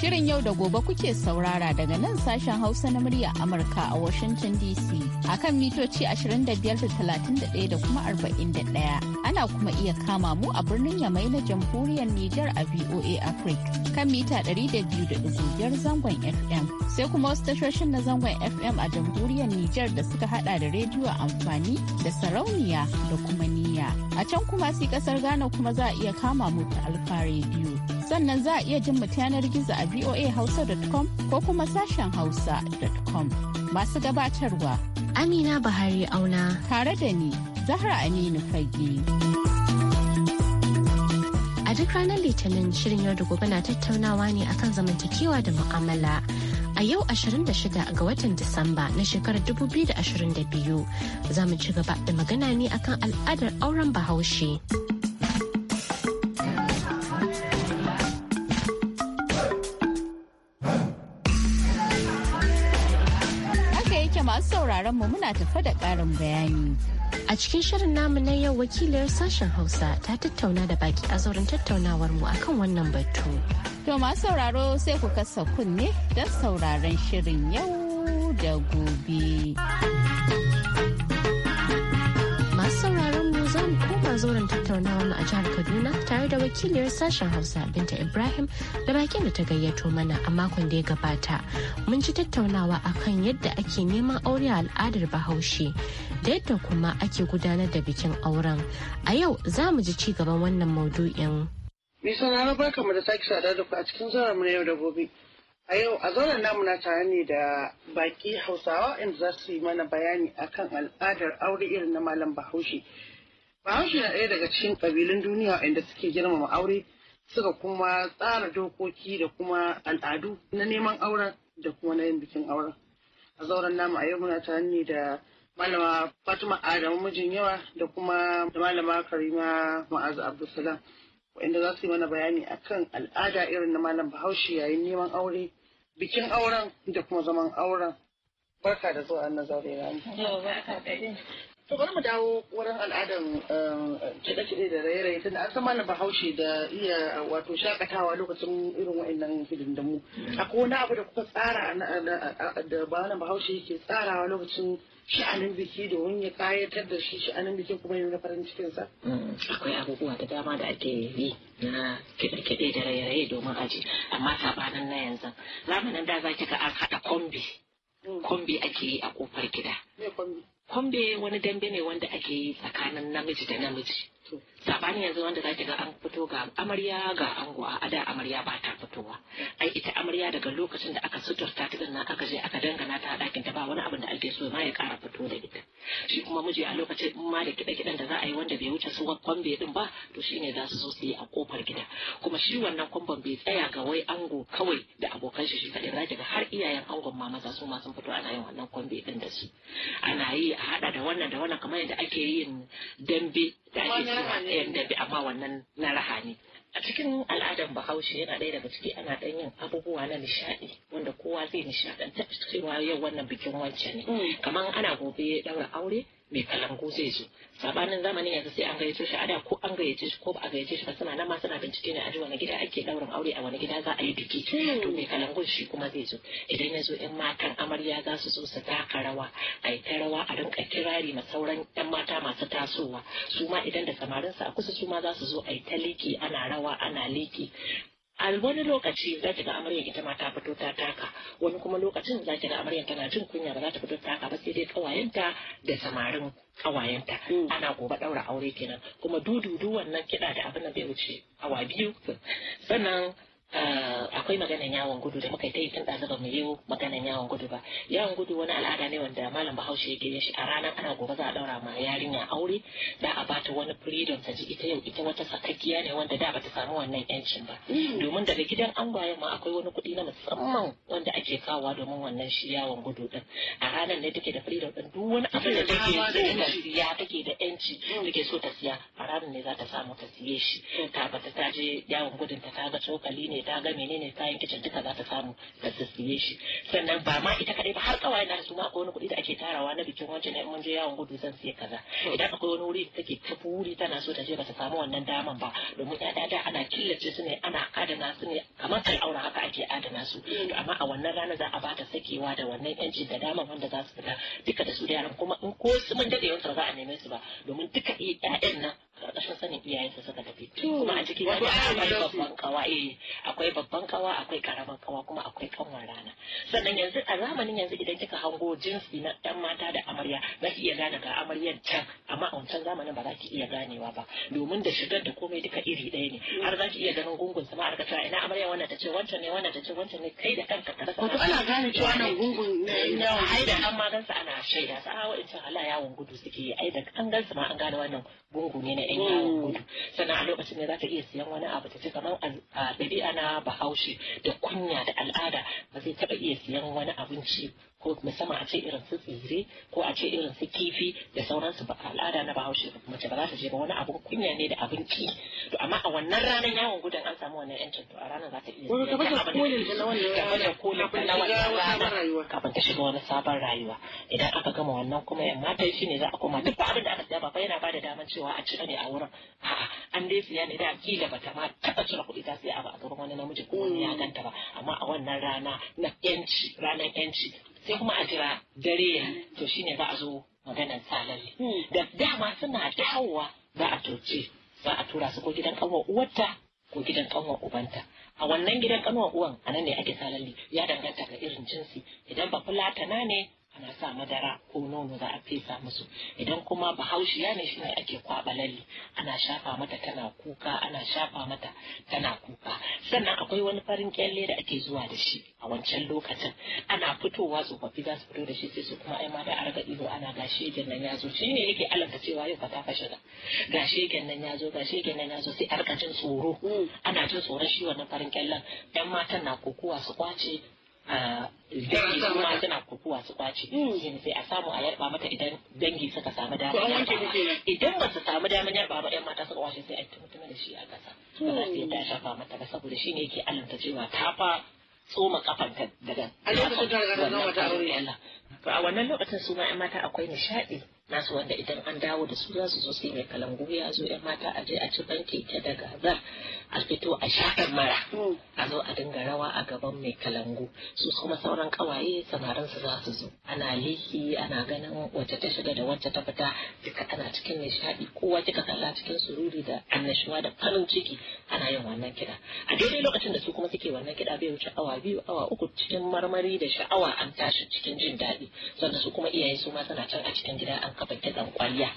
Shirin yau da gobe kuke saurara daga nan sashen Hausa na murya Amurka a Washington DC akan mitoci 25.31 da kuma 41. Ana kuma iya kama mu a birnin Yamai na jamhuriyar Nijar a VOA Africa kan mita 200.5 zangon FM. Sai kuma wasu tashoshin na zangon FM a jamhuriyar Nijar da suka hada da rediyo amfani da sarauniya da kuma niya A can kuma sai kasar Ghana kuma za a iya kama mu ta Alfa Radio. Sannan za a iya jin mu yanar gizo a voahausa.com ko kuma sashen hausa.com. Masu gabatarwa Amina Bahari Auna. Tare da ni, Zahra Aminu Fage. A duk ranar Litinin shirin yau da gobe na tattaunawa ne akan zamantakewa da mu'amala. A yau 26 ga watan Disamba na shekarar 2022 za mu ci gaba da magana ne akan al'adar auren Bahaushe. sauraron mu muna tafa da ƙarin bayani. A cikin shirin namu na yau wakiliyar sashen Hausa ta tattauna da baki a tattaunawar mu akan wannan batu. To masu sauraro sai ku kasa kunne don sauraron shirin yau da gobe. za mu koma zauren tattaunawa mu a jihar Kaduna tare da wakiliyar sashen Hausa Binta Ibrahim da bakin da ta gayyato mana a makon da ya gabata. Mun ji tattaunawa akan yadda ake neman aure a al'adar Bahaushe da yadda kuma ake gudanar da bikin auren. A yau za mu ji ci gaban wannan maudu'in. na sanarwa barkamu da sake sada da ku a cikin zauren mu na yau da gobe. A yau a zauren namu na tare ne da baki Hausawa inda za su yi mana bayani akan al'adar aure irin na Malam Bahaushe. Bahaushe na ɗaya daga cikin ƙabilun duniya inda suke girmama aure suka kuma tsara dokoki da kuma al'adu na neman auren da kuma na yin bikin auren. A zauren namu a yau muna tare ne da malama Fatima Adamu mijin yawa da kuma malama Karima Ma'azu Abdulsalam. Wanda za su yi mana bayani akan al'ada irin na malam Bahaushe yayin neman aure, bikin auren da kuma zaman auren. Barka da zuwa na zaure na. to bari mu dawo wurin al'adar eh, kiɗe-kiɗe da raye-raye tunda an san malam bahaushe da iya wato shakatawa lokacin irin wa'annan hidindamu. akwai wani abu da kuka tsara da malam bahaushe yake tsarawa lokacin sha'anin biki domin ya kayatar da shi sha'anin bikin kuma yi na farin cikin sa mm. akwai abubuwa da dama da ake yi na kiɗe-kiɗe da raye-raye domin aji amma sabanin na yanzu zamanin da za ki ga an haɗa kombi mm. kombi ake yi a kofar gida Kwambe wani dambe ne wanda ake yi tsakanin namiji da namiji. sabani yanzu wanda za ki ga an fito ga amarya ga ango a da amarya ba ta fitowa mm. ai ita amarya daga lokacin da aka suturta ta aka je aka dangana ta ɗakin ta ba wani abin da ake so ma ya kara fito da ita shi kuma miji a lokacin in ma da kiɗe-kiɗen da za a yi wanda bai wuce su kwambe din ba to shine za su zo su yi a kofar gida kuma shi wannan kwamban bai tsaya ga wai ango kawai da abokan shi shi kaɗai za ki ga har iyayen angon ma maza su ma sun fito ana yin wannan kwambe din da su ana yi a haɗa da wannan da wannan kamar yadda ake yin dambe gashi suna amma wannan na rahani a cikin al'adar bahaushe yana ɗaya daga ciki ana ɗan yin abubuwa na nishaɗi wanda kowa zai nishaɗanta cewa yau wannan bikin wancan ne mm. kamar ana gobe ɗaura aure mai kalangu zai zo sabanin zamanin yanzu sai an gayyace shi a da ko an gayyace shi ko ba a gayyace shi ba suna nan ma suna bincike ne a ji wani gida ake daurin aure a wani gida za a yi biki to mai kalangu shi kuma zai zo idan ya zo yan matan amarya za su zo su taka rawa a yi ta rawa a rinka kirari ma sauran yan mata masu tasowa su ma idan da samarin su a kusa su ma za su zo a yi ta liki ana rawa ana liki a wani lokaci za ki ga amaryar ita ma ta fito ta taka wani kuma lokacin za ki ga amaryar tana jin kunya ba za ta fito ta taka ba sai dai kawayenta da samarin kawayenta hmm. ana gobe daura aure kenan kuma dududu wannan kiɗa da abin da bai wuce awa biyu sannan akwai maganan yawon gudu da muka yi ta yi tun ɗazu ba mu yi maganan yawon gudu ba yawon gudu wani al'ada ne wanda malam bahaushe ya yin shi a ranar ana gobe za a ɗaura ma yarinya aure da a bata wani freedom ta ji ita yau ita wata sakakkiya ne wanda da bata samu wannan yancin ba mm. domin daga gidan an angwaye ma akwai wani kuɗi na musamman wanda ake kawowa domin wannan shi yawon gudu din a ranar ne take da freedom din duk wani abu da take so ta siya take da yanci mm. take so ta siya a ranar ne za ta samu ta siye shi ta bata ta je yawon gudun ta ta ga cokali ne ta ta ga menene kayan kicin duka za ta samu da su shi sannan ba ma ita kadai ba har kawai na su ma ko wani kuɗi da ake tarawa na bikin wancan na mun je yawon gudu zan siya kaza idan akwai wani wuri da take ta wuri tana so ta je ba ta samu wannan daman ba domin ya dada ana killace su ne ana adana su ne kamar kai aura haka ake adana su mm. amma a wannan rana za a ba ta sakewa da wannan yanci da daman wanda za su fita duka da su da yaran kuma in ko su mun dade yawan za a neme su ba domin duka ƴaƴan nan ƙarƙashin sanin iyayensa suka tafi kuma a cikin gari akwai babban kawa eh akwai babban kawa akwai karaman kawa kuma akwai kanwar rana sannan yanzu a zamanin yanzu idan kika hango jinsi na yan mata da amarya za ki iya gane ga amaryar can amma a wancan zamanin ba za ki iya ganewa ba domin da shigar da komai duka iri ɗaya ne har za ki iya ganin gungun sama a cewa ina amarya wannan ta ce wancan ne wannan ta ce wancan ne kai da kanka ka rasa ana gane cewa gungun eh, ne ai da an ma gansa ana shaida sa a ah, wa'ancan hala yawon gudu suke yi ai da an gansa ma an gane wannan gungu ne na sana'a lokacin da za ta iya siyan wani abu ta ce kamar a ɗabi'a na bahaushe da kunya da al'ada ba zai taɓa iya siyan wani abinci ko musamman a ce irin su tsire ko a ce irin su kifi da sauransu ba al'ada na bahaushe mace ba za ta je ba wani abu kunya ne da abinci to amma a wannan ranar yawon gudan an samu wannan yancin to a ranar za ta iya wani gaba ta na na wannan ta shiga wani sabon rayuwa idan aka gama wannan kuma yamma ta shi ne za a koma duk abin da aka siya ba yana bada daman cewa a cika ne a wurin a'a an dai siya ne da kila bata ma taɓa cire kuɗi ta siya ba a gaban wani namiji ko wani ya ganta ba amma a wannan rana na yanci ranar yanci sai kuma a jira dare ya to shine za a zo maganar sa hmm. da dama suna dawowa za a toce za a tura su ko gidan kanwar uwarta ko gidan kanwar ubanta a wannan gidan kanwar uwan a nan ne ake sa ya danganta ga irin jinsi idan ba fulatana ne ana sa madara ko nono za a fesa musu idan kuma bahaushiya ne shine ake kwaba lalle ana shafa mata tana kuka ana shafa mata tana kuka sannan akwai wani farin kyalle da ake zuwa da shi a wancan lokacin ana fitowa tsofaffi za su fito da shi sai su kuma ai ma da arga ido ana gashe nan ya zo shine yake alaka cewa yau fata fashe da gashe nan ya zo gashe nan yazo sai arka jin tsoro mm. ana jin tsoron shi wannan farin kyallen yan matan na kokowa su kwace dangi su ma suna kukuwa su kwace hmm. sai a samu a yarba mata idan dangi suka samu damar yarba idan ba su samu damar yarba ba yan mata suka kwace sai a yi mutum da shi a kasa ba za su yadda a shafa mata ba saboda shi ne yake alamta cewa ta fa tsoma kafanta daga a lokacin ta a wannan lokacin su ma yan mata akwai nishaɗi nasu wanda idan an dawo da su za su zo su yi mai kalangu ya zo yan mata a je a ci banki ta daga azar a fito a shakar mara hmm. a zo a dinga rawa a gaban mai kalangu su kuma sauran kawaye samarin su za su zo ana liki ana ganin wacce ta shiga da wacce ta fita duka ana cikin nishaɗi kowa kika kalla cikin sururi da annashuwa da farin ciki ana yin wannan kiɗa a daidai lokacin da su kuma suke wannan kiɗa bai wuce awa biyu awa uku cikin marmari da sha'awa an tashi cikin jin daɗi sannan su kuma iyaye su ma suna can a cikin gida kepencetan kualiah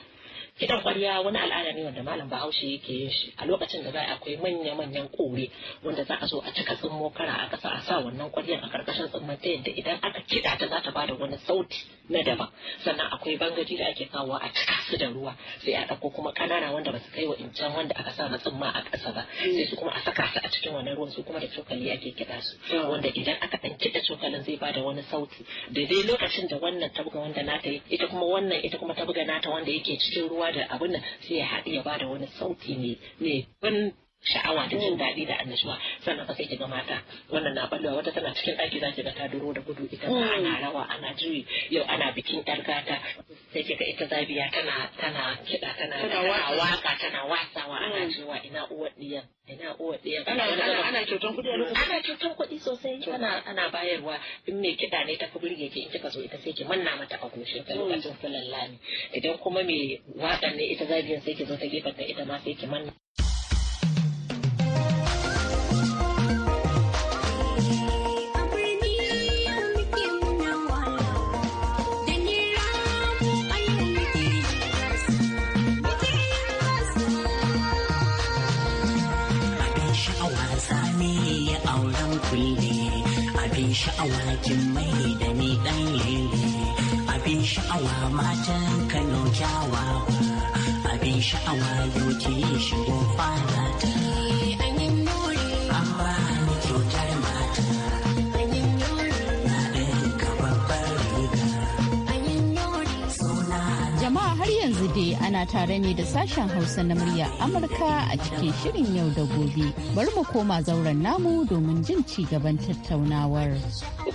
kiɗan kwarya wani al'ada ne wanda malam bahaushe yake yin shi a lokacin da za akwai manya-manyan kore wanda za a zo a cika tsummo kara a ƙasa a sa wannan kwaryan a ƙarƙashin tsumman ta yadda idan aka kiɗa ta za ta bada wani sauti na daban sannan akwai bangaji da ake kawo a cika su da ruwa sai a ɗauko kuma ƙanana wanda ba su kai wa incan wanda aka sa na tsumma a ƙasa ba sai su kuma a saka su a cikin wannan ruwan su kuma da cokali ake kiɗa su wanda idan aka ɗan kiɗa cokalin zai bada wani sauti daidai lokacin da wannan ta buga wanda nata ita kuma wannan ita kuma nata wanda yake cikin ruwa da abin nan sai ya haɗu ya bada wani sauti ne ne ban sha'awa da jin daɗi da annashuwa sannan fa sai ki ga mata wannan na ballewa wata tana cikin ɗaki za ki ga ta duro da gudu ita ma ana mm. rawa ana juyi yau ana bikin ƴar gata sai ki ga ita zabiya tana tana kiɗa tana waka tana wasawa ana mm. cewa ina uwar ɗiyan ina uwar ɗiyan ana cutan kuɗi ana cutan kuɗi sosai ana ana bayarwa in mai kiɗa ne ta fi burge ki in kika so ita sai ki manna mata a goshin ta mm. lokacin fulalla ne idan kuma mai waƙan ne ita zabiyan sai ki zo ta gefen ta ita ma sai ki manna sha'awa mai da ni dan lele abin sha'awa matan kano kyawawa abin sha'awa yau ki shigo fara ta ana tare ne da sashen Hausa na murya Amurka a cikin shirin yau da gobe. Bari mu koma zauren namu domin jin ci gaban tattaunawar.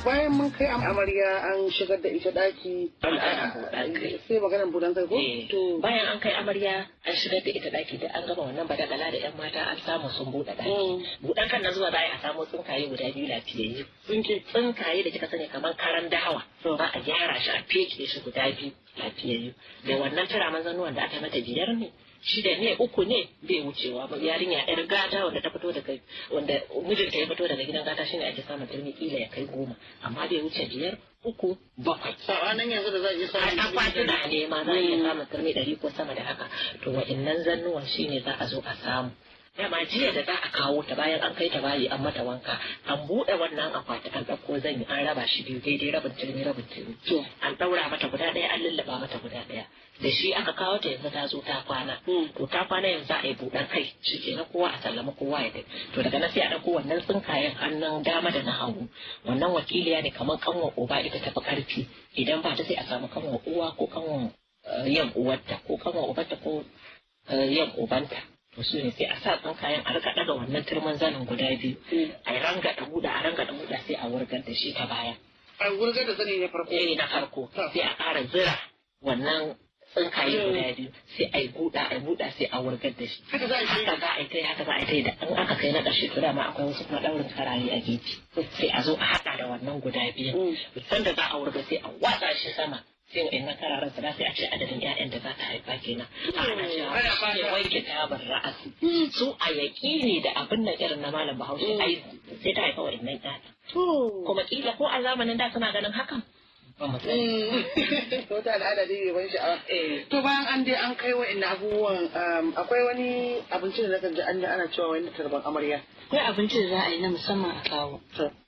Bayan mun kai amarya an shigar da ita daki. Sai maganar budan kai ko? Eh, bayan an kai amarya an shigar da ita daki da an gama wannan badagala da yan mata an samu sun buɗe daki mm. buɗan kan na zuwa za a samu tsinkaye guda biyu lafiyayyu tsinkaye da kika sani kamar karan dahawa ba a gyara shi a feke shi guda biyu lafiyayyu da wannan tura manzanuwan da aka mata biyar ne shida ne uku ne bai wucewa ba yarinya yar gata wanda ta fito daga wanda mijinta ya fito daga gidan gata shine ake samun turmi kila ya kai goma amma bai wuce biyar uku bakwai. Sabanin yanzu da za a ne ma za a iya mm. samun turmi ɗari ko sama da haka to wa'innan zannuwan shine za a zo a samu. dama jiya da za a kawo ta bayan an kai ta bayi an mata wanka an buɗe wannan akwati an ɗauko zan yi an raba shi biyu daidai rabin turmi rabin turmi an ɗaura mata guda ɗaya an lullaba mata guda ɗaya da shi aka kawo ta yanzu ta zo ta kwana hmm. to ta kwana yanzu za a yi buɗar kai shi ke na kowa a sallama kowa ya tafi to daga nan sai a ɗauko wannan tsinkayen hannun dama da na hagu wannan wakiliya ne kamar kanwa uba ita tafi ƙarfi idan ba ta sai a samu kanwa uwa ko kanwa eh, yan uwarta ko kanwa ubarta ko eh, yan ubanta to su ne sai a sa tsinkayen a rika ɗaga wannan turmin zanin guda biyu hmm. a ranga da buɗa a ranga da buɗa sai a wurgar da shi ta baya. a wurgar da zane na farko. eh na farko sai a ƙara zira wannan yi eh. guda biyu sai a yi buɗa a yi buɗa sai a wurgar da shi haka za a yi kai haka za a yi da in aka kai na ƙarshe to dama akwai wasu kuma ɗaurin a gefe sai a zo a haɗa da wannan guda mm. san da za a wurga sai a watsa shi sama sai in na kararan sa sai a ce adadin ƴaƴan da za ta haifa kenan mm. a ana cewa ne wai kitabar ra'asi mm. su a yaƙini da abin nan irin na malam bahaushe ai sai ta haifa wa'annan ƴaƴan kuma kila ko a zamanin da suna ganin hakan wata al'ada dai ban sha'awa eh. to bayan an dai an kai wa'in abubuwan um, akwai wani abinci da na ji an ana cewa wani tarban amarya akwai abinci da za a yi na musamman a kawo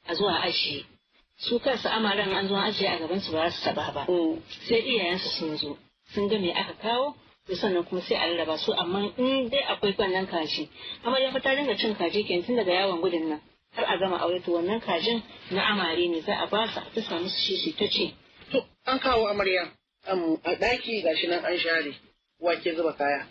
a zuwa ajiye su kansu amaran an zo ajiye a gaban su ba su taba ba sai iyayensu sun zo sun ga me aka kawo da sannan kuma sai a rarraba su amma in dai akwai wannan kaji amarya fa ta dinga cin kaji kenan tun daga yawon gudun nan har a gama aure to wannan kajin na amare ne za a ba su a ta samu shi ta ce an kawo amarya a ɗaki shi nan an share wake zuba kaya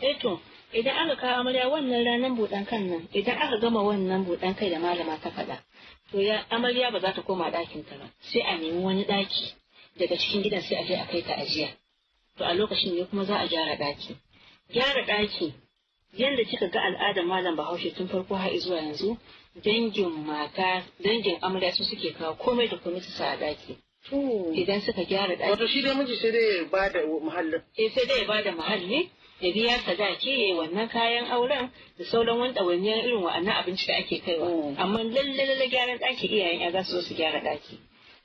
eto eh idan aka kawo amarya wannan ranar buɗan kan nan idan aka gama wannan buɗan kai da malama ta faɗa to ya amarya ba za ta koma ɗakin ta ba sai a nemi wani ɗaki daga cikin gidan sai a je a kai ta ajiya to a lokacin ne kuma za a gyara ɗaki gyara ɗaki yadda kika ga al'adar malam bahaushe tun farko har zuwa yanzu dangin mata dangin amarya su suke kawo komai da komai su sa a ɗaki Idan suka gyara ɗaki. Wato shi dai miji sai dai ya ba da muhallin. Eh sai dai ya ba da muhalli ya biya sadaki ya wannan kayan auren da sauran wani ɗawainiyar irin wa'annan abinci da ake kaiwa. Mm. Amma lalle lalle gyaran ɗaki iyayen ya za su zo su gyara ɗaki.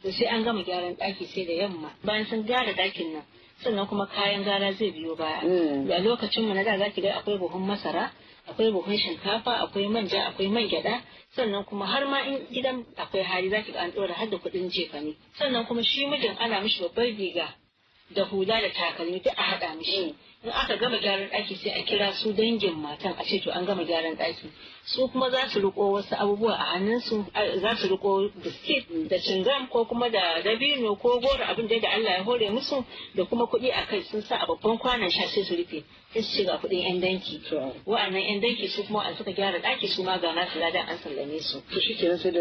To sai an gama gyaran ɗaki sai da yamma bayan sun gyara ɗakin nan sannan kuma kayan gara zai biyo baya. Da mm. lokacin mu na da za ki ga akwai buhun masara akwai buhun shinkafa akwai manja akwai man gyada sannan kuma har ma in gidan akwai hali zaki ga an ɗora har da kuɗin jefa ne sannan kuma shi mijin ana mishi babbar riga da hula da takalmi duk a haɗa mishi in aka gama gyaran ɗaki sai a kira su dangin matan a ce to an gama gyaran ɗaki su kuma za su riko wasu abubuwa a hannunsu za su riko biskit da cingam ko kuma da dabino ko goro abin da Allah ya hore musu da kuma kuɗi a kai sun sa a babban kwanan sha sai su rufe sai su shiga kuɗin yan danki wa'annan yan danki su kuma a suka gyara ɗaki su ma ga nasu ladan an sallame su to shikenan sai da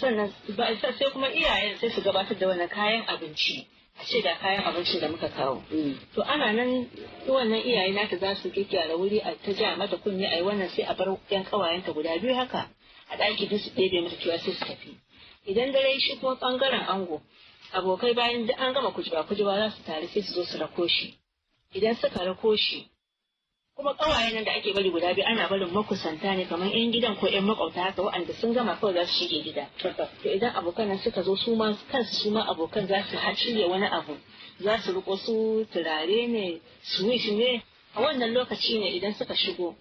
sannan sai kuma iyayen sai su gabatar da wani kayan abinci a da kayan abincin da muka kawo. Mm. To ana nan wannan iyaye nata za su gyaggyara wuri a ta ja mata kunni a yi wannan sai a bar yan kawayenta guda biyu haka a ɗaki duk su ɗebe mata cewa sai su tafi. Idan dare shi kuma ɓangaren ango abokai bayan an gama kujewa kujewa za su tare sai su zo su rako shi. Idan suka rako shi kuma kawaye nan da ake bari guda biyu ana barin makusanta ne kamar yan gidan ko yan makwabta haka waɗanda sun gama kawai za su shige gida to idan abokan nan suka zo su ma kansu su ma abokan za su shirya wani abu za su riko su turare ne swish ne a wannan lokaci ne idan suka shigo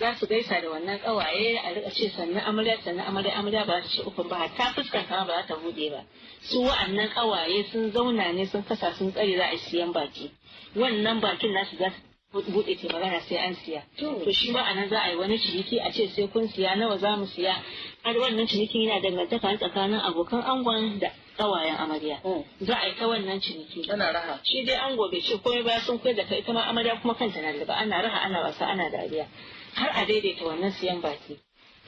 za su gaisa da wannan kawaye a rika ce sannan amarya sannan amarya amarya ba ta ce uku ba ta fuskan kama ba za ta bude ba su wa'annan kawaye sun zauna ne sun kasa sun tsare za a siyan baki wannan bakin nasu za su buɗe ce magana sai an siya to shi ma anan za a yi wani ciniki a ce sai kun siya nawa za mu siya har wannan ciniki yana dangantaka tsakanin abokan angon da kawayen amarya hmm. za a yi ta wannan ciniki ana raha shi dai ango bai ce komai ba sun koyar da kai ita ma amarya kuma kanta na ba ana raha ana wasa ana dariya har a daidaita wannan siyan baki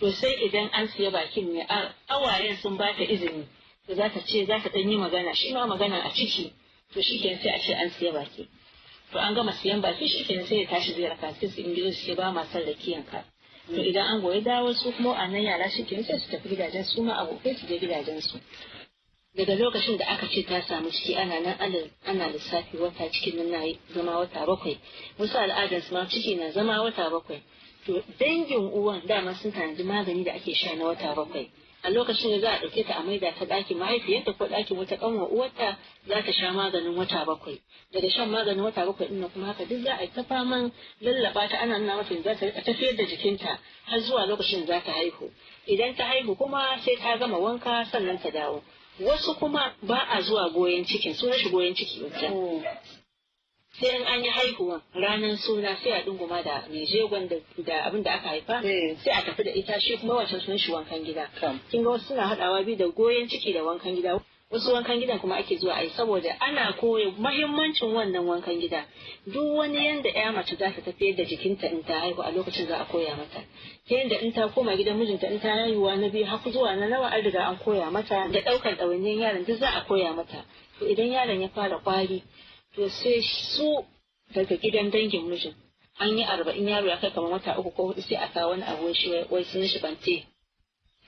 to sai idan an siya bakin ne kawayen sun ba izini to za ta ce za ta ɗan yi magana shi ma magana a ciki to shi sai a ce an siya baki to an gama siyan baki shi kenan sai ya tashi zai raka sai su su sai ba ma son rakiyan ka to idan an goyi dawo su kuma a nan yara shi kenan sai su tafi gidajen su ma abokai su je gidajen su daga lokacin da aka ce ta samu ciki ana nan ana lissafi wata cikin nan na zama wata bakwai wasu al'adar su ma ciki na zama wata bakwai to dangin uwan dama sun tanadi magani da ake sha na wata bakwai a lokacin da za a ɗauke ta a maida ta ɗakin mahaifiyarta ko ɗakin wata ƙanwa uwarta za ta sha maganin wata bakwai daga shan maganin wata bakwai ɗin kuma haka duk za a yi ta faman lallaba ta ana nuna mata za ta riƙa tafiyar da jikinta har zuwa lokacin za ta haihu idan ta haihu kuma sai ta gama wanka sannan ta dawo wasu kuma ba a zuwa goyon cikin sun rashin goyon ciki sai in an yi haihuwa ranar suna sai a dunguma da mai jego da abin da aka haifa eh. sai a tafi da ita shi kuma wancan sun shi wankan gida kin ga wasu suna hadawa bi da goyon ciki da wankan gida wasu wankan gidan kuma ake zuwa ai saboda ana koyo mahimmancin wannan wankan gida duk wani yanda ya mace za ta tafi da jikinta in ta haihu a lokacin za a koya mata ta yanda in ta koma gidan mijinta in ta haihuwa na biyu haku zuwa na nawa an riga an koya mata da ɗaukar ɗawainiyar yaron duk za a koya mata idan yaron ya fara kwari to sai su daga gidan dangin mijin an yi arba'in yaro ya kai kamar wata uku ko hudu sai a kawo wani abu shi wai sun shi bante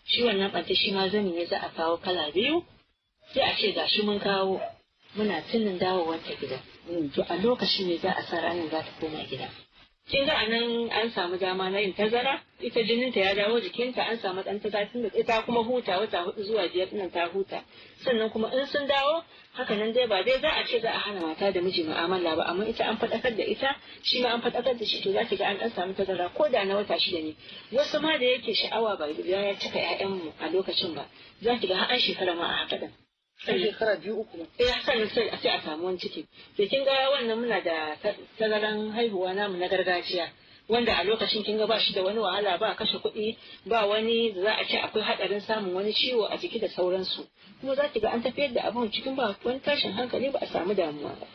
shi wannan bante shi ma zani ne za a kawo kala biyu sai a ce gashi mun kawo muna tunin dawowar ta gida mm, to a lokacin ne za a sa ranar za ta koma gida kin ga anan an samu dama na yin tazara ita jinin ta ya dawo jikinta an samu dan zafin da ita kuma huta wata hudu zuwa biyar dinan ta huta sannan kuma in sun dawo haka nan dai ba dai za a ce za a hana mata da miji mu'amala ba amma ita an faɗakar da ita shi ma an faɗakar da shi to zaki ga an dan samu tazara ko da na wata shida ne wasu ma da yake sha'awa ba ya cika mu a lokacin ba zaki ga har an shekara ma a haka sai shekara biyu uku eh sannan sai a samu wani ciki da kin ga wannan muna da tazaran haihuwa namu na gargajiya wanda a lokacin kin ga ba shi da wani wahala ba kashe kuɗi ba wani da za a ce akwai hadarin samun wani ciwo a jiki da sauransu kuma za ki ga an tafiyar da abin cikin ba wani tashin hankali ba a samu damuwa ba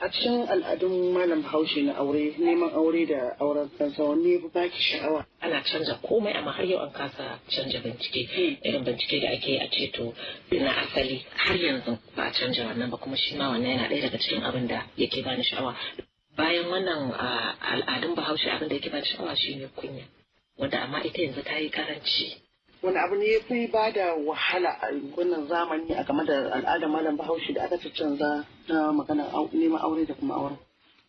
a cikin al'adun malam bahaushe na aure neman aure da auren kansa ne ba baki sha'awa ana canza komai amma har yau an kasa canza bincike hmm. irin bincike da ake a ceto na asali har yanzu ba a canza wannan ba kuma shi ma wannan yana ɗaya daga cikin abin da yake bani sha'awa bayan wannan al'adun bahaushe abin da yake bani sha'awa shine kunya wanda amma ita yanzu ta yi karanci wani abu ne fi ba da wahala a wannan zamani a game da al'adar malam bahaushe da aka canza na magana neman aure da kuma auren.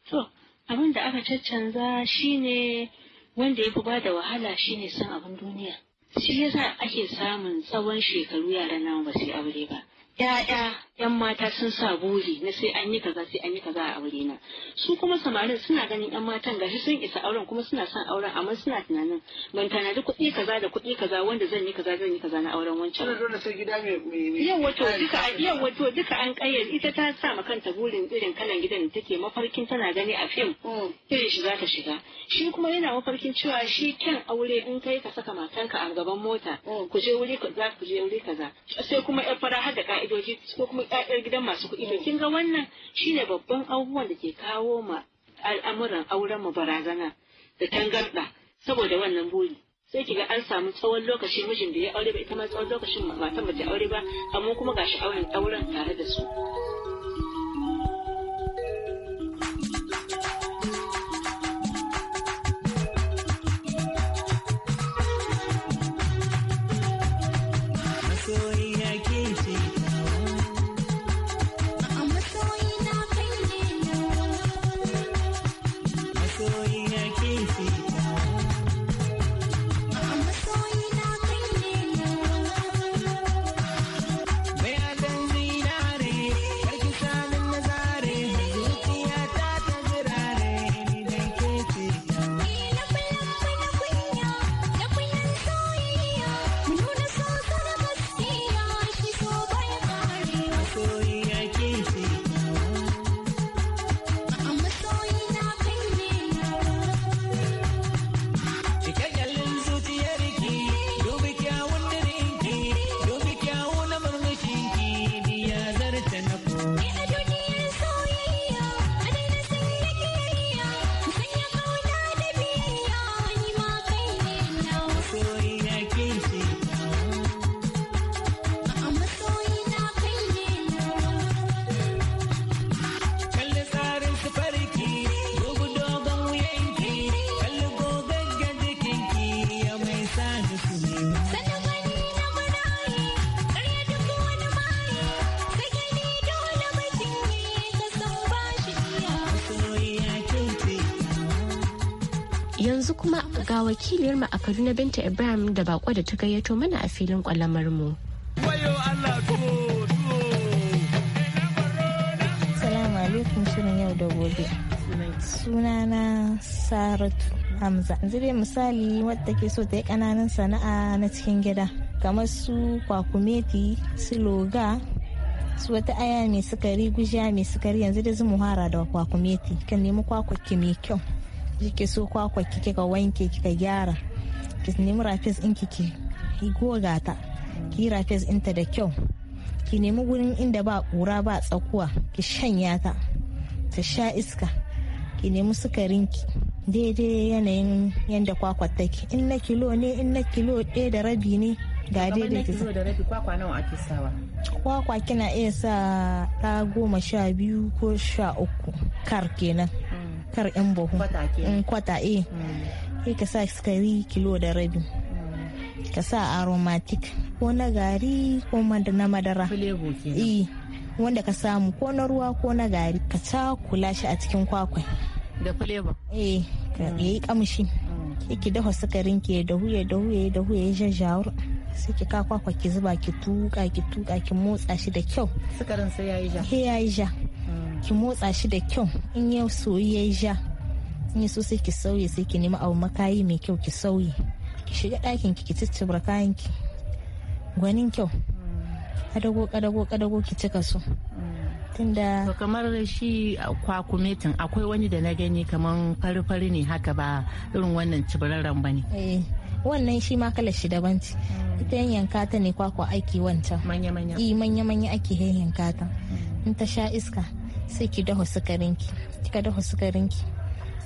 To, abin da aka caccanza shine wanda ya fi ba da wahala shine son abin duniya. Shi yasa ake samun tsawon shekaru yaran nan ba su aure ba. 'ya'ya 'yan mata sun sa buri na sai an yi kaza sai an yi kaza a aure na su kuma samarin suna ganin 'yan matan gashi sun isa auren kuma suna son auren amma suna tunanin ban tanadi kuɗi kaza da kuɗi kaza wanda zan yi kaza zan yi kaza na auren wancan yau wato duka yau wato duka an kayyade ita ta sa ma kanta burin irin kalan gidan da take mafarkin tana gani a fim mm. irin shi ta shiga shi kuma yana mafarkin cewa shi kyan aure in kai ka saka matanka a gaban mota mm. ku je wuri za ku je wuri kaza sai kuma 'yar fara har da fa'idoji ko kuma ƴaƴar gidan masu kuɗi to kin ga wannan shine babban abubuwan da ke kawo ma al'amuran auren mu barazana da tangarɗa saboda wannan buri sai ki ga an samu tsawon lokaci mijin da ya aure ba ita ma tsawon lokacin matan ba ta aure ba amma kuma gashi auren auren tare da su yanzu kuma ga wakiliyar mu a Kaduna Binta Ibrahim da bako da ta gayyato mana a filin kwalamarmu. mu. Salamu alaikum shirin yau da gobe. Sunana Saratu Hamza. Yanzu dai misali wadda ke so ta yi ƙananan sana'a na cikin gida. Kamar su kwakumeti, su loga, su wata aya mai sukari, gujiya mai sukari yanzu da zumuhara hara da kwakumeti. Kan nemi kwakwaki mai kyau. kike so kwakwa kika wanke kika gyara ki nemi rafes in kike ki goga ta ki rafes ɗinta da kyau ki nemi gurin inda ba kura ba tsakuwa ki shanya ta ta sha iska ki nemi sukarin ki daidai yanayin yadda kwakwar take in na kilo ne in na kilo ɗaya da rabi ne ga daidai kilo da rabi kwakwa nawa ake sawa kwakwa kina iya sa ta goma sha biyu ko sha uku kar kenan kar yan buhu kwata mm, eh mm. sai ka sa sukari kilo da rabi mm. ka sa aromatic ko na gari ko na madara eh, wanda ka samu ko na ruwa ko na gari ka cakula shi a cikin kwakwai da flavor eh ka yi kamshi ki dafa sukarin ki da huye da huye da huye jajjawur sai ki ka kwakwa ki zuba ki tuka ki tuka ki motsa shi da kyau sukarin sai yi ja ya yi ja ki motsa shi da kyau in ya soyi ya ja in so sai ki sauye sai ki nemi abu makayi mai kyau ki sauye ki shiga ɗakin ki ki ciccibra kayan ki gwanin kyau kadago kadago kadago ki cika su tunda kamar shi kwakumetin akwai wani da na gani kamar fari-fari ne haka ba irin wannan cibirarren ba ne eh, wannan shi ma kalar shi daban ce ita yanka ta ne kwakwa aiki wancan manya-manya eh, ake yanka ta in ta sha iska sai ki daho sukarinki kika daho sukarinki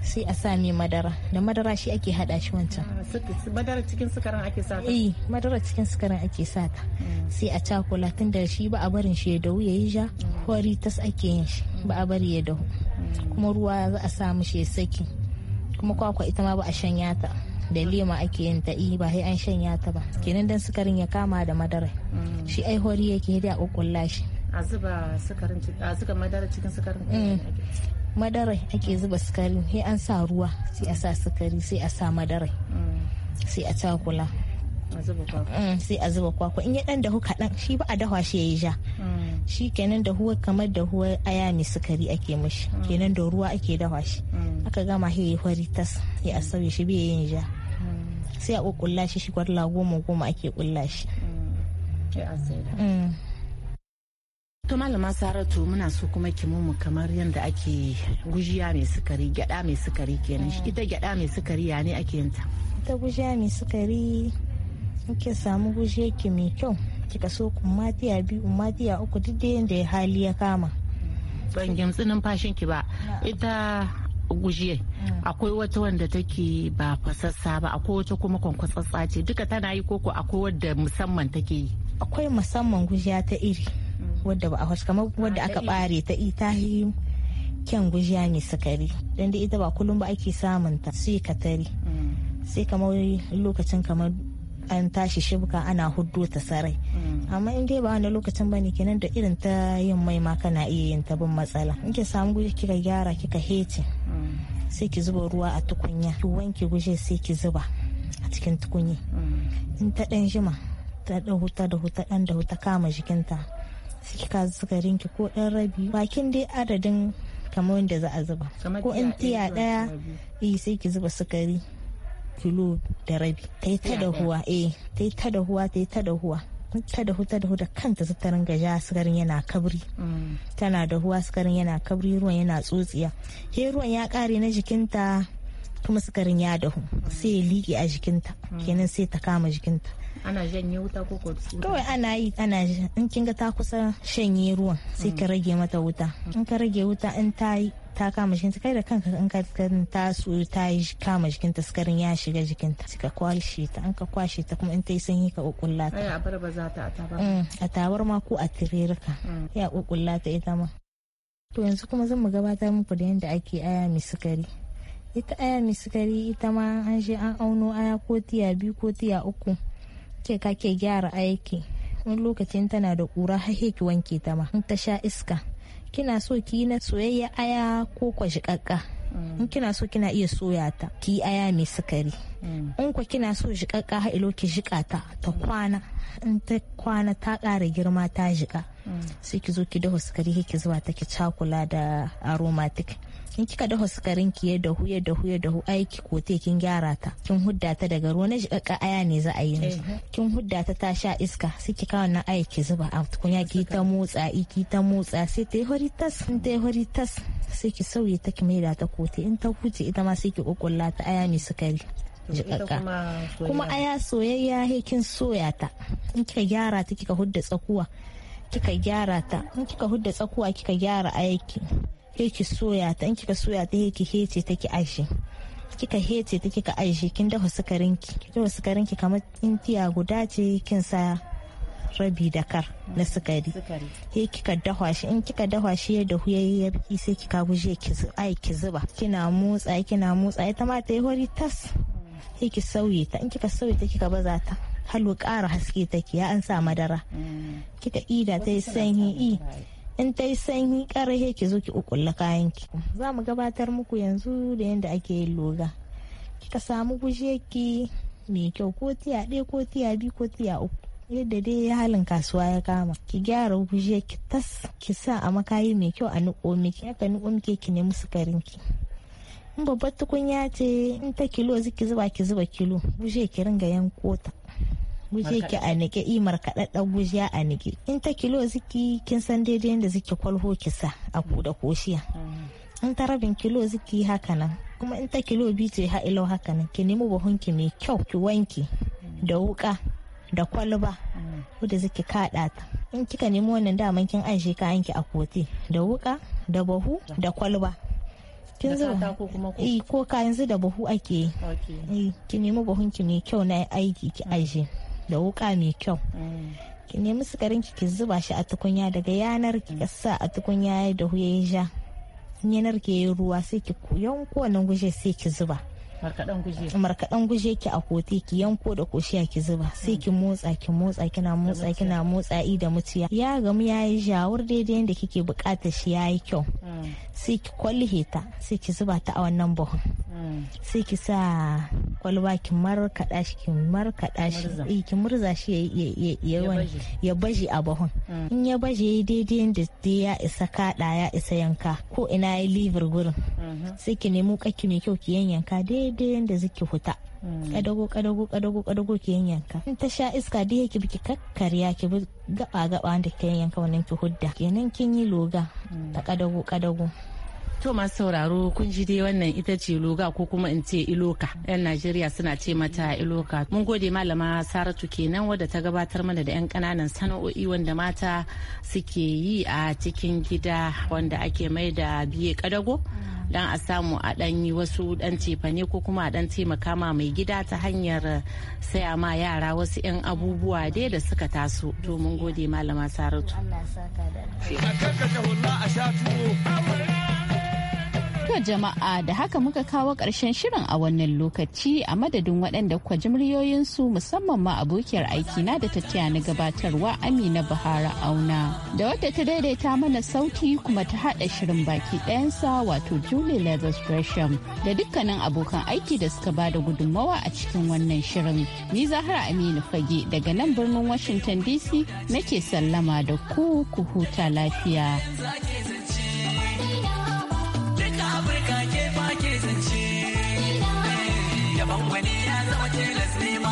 sai a sa mai madara da madara shi ake hada shi wancan ah, madara cikin sukarin ake sata eh, madara cikin sukarin ake hmm. sai a cakula tun da shi ba a barin shi ya dahu ya yi ja hori hmm. tas ake yin shi hmm. ba a bari ya dahu kuma ruwa za a sa mishi ya saki kuma kwakwa ita ma ba a shanya ta da lema ake yin ta eh, ba sai an shanya ta ba kenan dan sukarin ya kama da madara shi ai hori yake da kokulla shi a zuba sukarin a zuba madara cikin sukarin eh, madarai ake zuba sukari sai an sa ruwa sai a sa sukari sai a sa madarai mm. sai a cakula mm, sai a zuba kwakwa in ya dan dahu kaɗan shi ba a dawa shi ya yi ja mm. shi kenan dahuwa kamar dahuwa aya mai sukari ake mashi kenan da ruwa ake dawa shi aka gama shi ya fari tas ya a sauya shi bai yin ja sai a kukulla shi shi kwarla goma goma ake kulla shi To malama Saratu muna so kuma ki mu kamar yadda ake gujiya mai sukari gyada mai sukari kenan shi mm. ita gyada mai sukari ya ne ake yin ta. Ita gujiya mai sukari muke samu gujiya ki mai kyau kika so kumatiya biyu kumatiya uku duk da yadda ya hali ya kama. Ban gimtsi numfashin ki ba ita gujiya mm. akwai wata wanda take ba fasassa ba akwai wata kuma kwankwasassa ce duka tana yi koko akwai wadda musamman take yi. Akwai musamman gujiya ta iri. Mm. wadda ba a wasu kamar wadda aka bare ta ita kyan gujiya mai sukari don da ita ba kullum ba ake samun ta sai ka tare mm. sai kamar lokacin kamar an tashi shibuka ana huddo ta sarai mm. amma in dai ba wani lokacin bane kenan da irin ta yin mai ma kana iya yin ta bin matsala in ki samu guji kika gyara kika hece sai ki zuba ruwa a tukunya ki wanke guje sai ki zuba a cikin tukunya in ta dan jima ta da huta da huta dan da huta kama jikinta su kika ki ko dan rabi bakin dai adadin kamar wanda za a zuba ko in tiya daya eh sai ki zuba sukari kilo da rabi ta yi huwa dahuwa tai eh, ta yi huwa tai ta yi huwa ta da huta da huta kanta ta ringa ja sukarin yana kabri mm. tana da huwa sukarin yana kabri ruwan yana tsotsiya he ruwan ya kare na jikinta kuma sukarin ya dahu sai ya liƙe a jikinta mm. kenan sai ta kama jikinta ana janye wuta ko ko kawai ana yi ana in kin ga ta kusa shanye ruwan sai ka mm. rage mata wuta mm. in ka rage wuta in ta yi ta kama jikinta kai da kanka in ka ta su ta yi kama jikinta sukarin ya shiga jikinta suka kwashe ta an ka kwashe ta kuma in ta yi sanyi ka kukulla ta a bar ba za ta mm, a tabar ma ko a tirerka ya kukulla ta ita ma to yanzu kuma zan mu gabatar muku da yadda ake aya mai sukari ita aya mai sukari ita ma an je an auno aya ko tiya biyu ko tiya uku ke ka ke gyara aiki wani lokacin tana da ƙura hahe ki wanke ta ma in ta sha iska kina so ki na soyayya aya ko kwashikakka mm. in kina so kina iya soya ta ki aya mai sukari mm. in kwa kina so shiƙaƙƙa ilo ki shiƙa ta ta kwana in ta kwana ta ƙara girma ta jika mm. sai ki zo ki dahu sukari ki zuwa ta ki cakula da aromatic in kika dafa sukarin ki ya dahu ya dahu ya dahu aiki ko kote kin gyara ta kin hudda ta daga ruwa na jikakka aya ne za a yi yanzu eh, eh. kin hudda ta ta sha iska sai ki kawo nan aiki zuba a tukunya ki ta motsa ki ta motsa sai ta yi hori tas in ta yi hori tas sai ki sauye ta ki maida ta kote in ta huce ita ma sai ki kokulla ta aya mai sukari jikakka kuma aya soyayya kin soya ta in kika gyara ta kika hudda tsakuwa kika gyara ta in kika hudda tsakuwa kika gyara aiki. he ki soya ta in kika soya ta he hece ta ki kika hece ta kika aishi kin dafa sukarin ki kin dafa sukarin ki kamar in tiya guda ce kin sa rabi da kar na sukari he kika dafa shi in kika dafa shi ya dahu ya yi sai kika guje ki ai ki zuba kina motsa kina motsa ita ma ta yi hori tas he ki sauye ta in kika sauye ta kika baza ta halu ƙara haske take ya an sa madara mm. kika ida ta yi sanyi i in ta yi sanyi ƙarhe ki zo ki ukulla kayan ki za mu gabatar muku yanzu da yadda ake yin loga kika samu ki mai kyau ko tiya ɗaya ko tiya biyu ko tiya uku yadda dai halin kasuwa ya kama ki gyara guje ki tas ki sa a makayi mai kyau a niƙo miki aka niƙo miki ki nemi sukarin ki in babbar tukunya ce in ta kilo ziki zuba ki zuba kilo guje ki ringa yanko kota. guje ki a nike imar kaɗaɗɗen gujiya a nike in ta kilo ziki kin san daidai yadda ziki kwalho ki sa a kuda koshiya mm. in ta rabin kilo ziki haka nan kuma in ta kilo biyu ce ha ilau haka nan ki nemi ki mai kyau ki wanki mm. da wuka da kwalba mm. wadda ziki kaɗa ta in kika nemi wannan daman kin aje kayanki a kote da wuka da buhu da kwalba kin zo eh ko ka yanzu da buhu ake yi eh, ki nemi ki mai kyau na aiki ki aje da wuka mai kyau ki nemi sigarin ki ki zuba shi a tukunya daga yanar ki sa a tukunya ya da huye ja yanar ki yi ruwa sai ki yanko wannan guje sai ki zuba markaɗan guje ki a kote ki yanko da koshiya ki zuba sai ki motsa ki motsa kina motsa kina motsa i da muciya ya gamu ya yi jawur daidai yadda kike bukata shi ya yi kyau mm. sai ki kwalhe ta sai ki zuba ta a wannan buhun mm. sai ki sa kwalba ki markaɗa shi ki markaɗa shi eh, ki murza shi ya baje a bahon mm. in ya baje ya daidai yadda ya isa kaɗa ya isa yanka ko ina ya liver gurin mm-hmm. sai ki nemo kakki mai kyau ki yanyanka daidai yadda ki huta kadago mm. kadago kadago kadago ki yanyanka in ta sha iska da yake biki kakkarya ki bi gaba gaba wanda ki yanka wannan ki hudda kenan kin yi loga mm. ta kadago kadago To masu sauraro kun ji dai wannan ita ce loga ko kuma in ce iloka. 'Yan Najeriya suna ce mata iloka. Mun gode malama Saratu kenan wadda ta gabatar mana da 'yan kananan sana'o'i wanda mata suke yi a cikin gida wanda ake mai da biye kadago. dan a samu a dan yi wasu dan cefane ko kuma a dan taimaka ma mai gida ta hanyar saya ma yara wasu 'yan abubuwa dai da suka taso to mun gode malama saratu a To jama'a da haka muka kawo ƙarshen shirin a wannan lokaci a madadin waɗanda kwa su musamman ma abokiyar aiki na da tattaya na gabatarwa Amina Bahara Auna. Da wadda ta daidaita mana sauti kuma ta haɗa shirin baki ɗayansa wato Julie Leathers Gresham da dukkanin abokan aiki da suka ba da gudunmawa a cikin wannan shirin. Ni Zahra Aminu Fage daga nan birnin Washington DC nake sallama da ku ku huta lafiya. jealous,